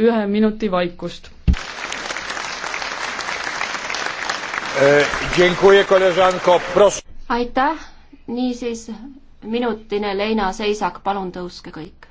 ühe minuti vaikust. E, aitäh, niisiis minutine leinaseisak, palun tõuske kõik.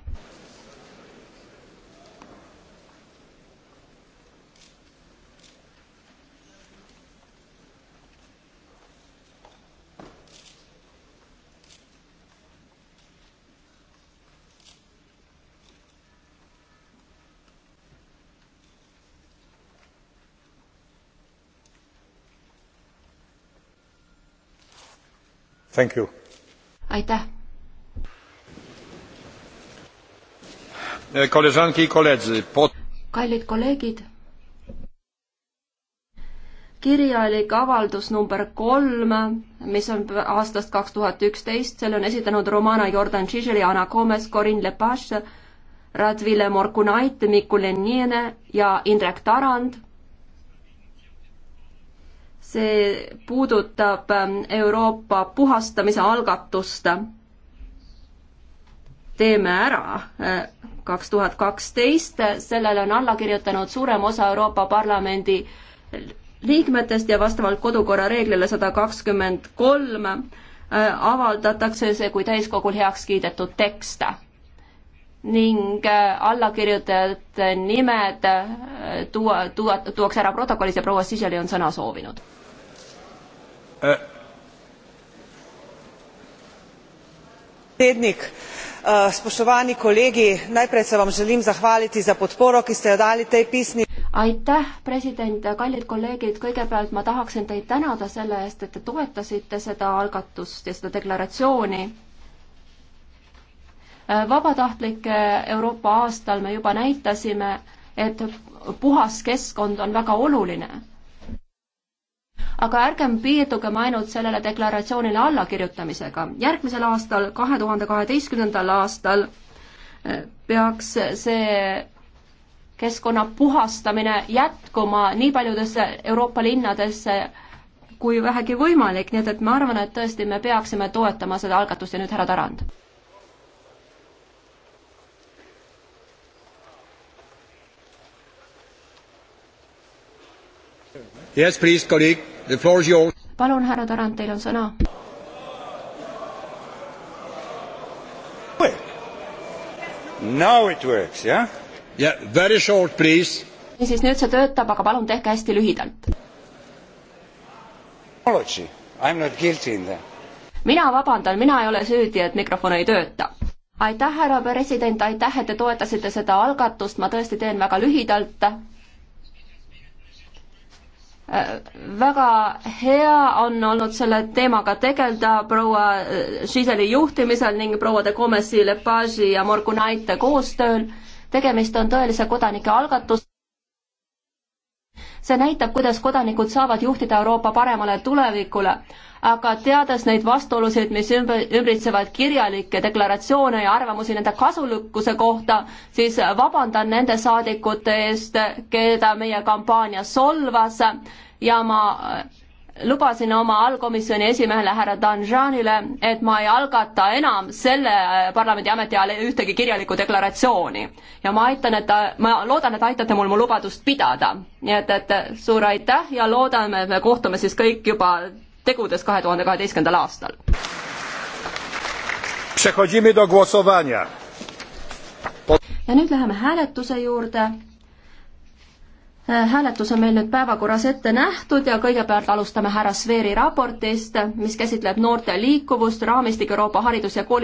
aitäh! kallid kolleegid! kirjalik avaldus number kolm, mis on aastast kaks tuhat üksteist, selle on esitanud Romana Jordan Žiželi, Ana Gomes, Corinne Lepage, Radvile Morkunait, Mikul Enniene ja Indrek Tarand see puudutab ähm, Euroopa puhastamise algatust Teeme ära äh, kaks tuhat kaksteist, sellele on alla kirjutanud suurem osa Euroopa Parlamendi liikmetest ja vastavalt kodukorra reeglile sada kakskümmend kolm äh, avaldatakse see kui täiskogul heaks kiidetud tekst ning äh, allakirjutajate nimed äh, tuua, tuua, tuuakse ära protokollis ja proua Siseli on sõna soovinud äh.. predsednik, spoštovani kolegi, najprej se vam želim zahvaliti za podporo, ki ste jo dali tej pisni. aitäh, president, kallid kolleegid, kõigepealt ma tahaksin teid tänada selle eest, et te toetasite seda algatust ja seda deklaratsiooni vabatahtlike Euroopa aastal me juba näitasime, et puhas keskkond on väga oluline aga ärgem piirdugem ainult sellele deklaratsioonile allakirjutamisega. järgmisel aastal, kahe tuhande kaheteistkümnendal aastal eh, peaks see keskkonna puhastamine jätkuma nii paljudesse Euroopa linnadesse kui vähegi võimalik, nii et, et ma arvan, et tõesti me peaksime toetama seda algatust ja nüüd härra Tarand. Yes, please, colleague, the floor is yours. palun, härra Tarand, teil on sõna. Now it works, jah yeah?? Yeah, very short, please. niisiis, nüüd see töötab, aga palun tehke hästi lühidalt. Apology, I am not guilty in that. mina vabandan, mina ei ole süüdi, et mikrofon ei tööta aitäh, härra president, aitäh, et te toetasite seda algatust, ma tõesti teen väga lühidalt väga hea on olnud selle teemaga tegeleda proua äh, Giseli juhtimisel ning prouade Gomesi, Lepage'i ja Morgunaite koostööl. tegemist on tõelise kodanike algatus. see näitab, kuidas kodanikud saavad juhtida Euroopa paremale tulevikule aga teades neid vastuolusid, mis ümber, ümbritsevad kirjalikke deklaratsioone ja arvamusi nende kasulikkuse kohta, siis vabandan nende saadikute eest, keda meie kampaania solvas ja ma äh, lubasin oma allkomisjoni esimehele härra Danjanile, et ma ei algata enam selle äh, parlamendi ametiajal ühtegi kirjalikku deklaratsiooni. ja ma aitan, et ta, ma loodan, et aitate mul mu lubadust pidada. nii et, et äh, suur aitäh ja loodame, et me kohtume siis kõik juba tegudes kahe tuhande kaheteistkümnendal aastal. ja nüüd läheme hääletuse juurde. E, hääletus on meil nüüd päevakorras ette nähtud ja kõigepealt alustame härra Sveeri raportist, mis käsitleb noorte liikuvust, raamistik Euroopa haridus- ja kooli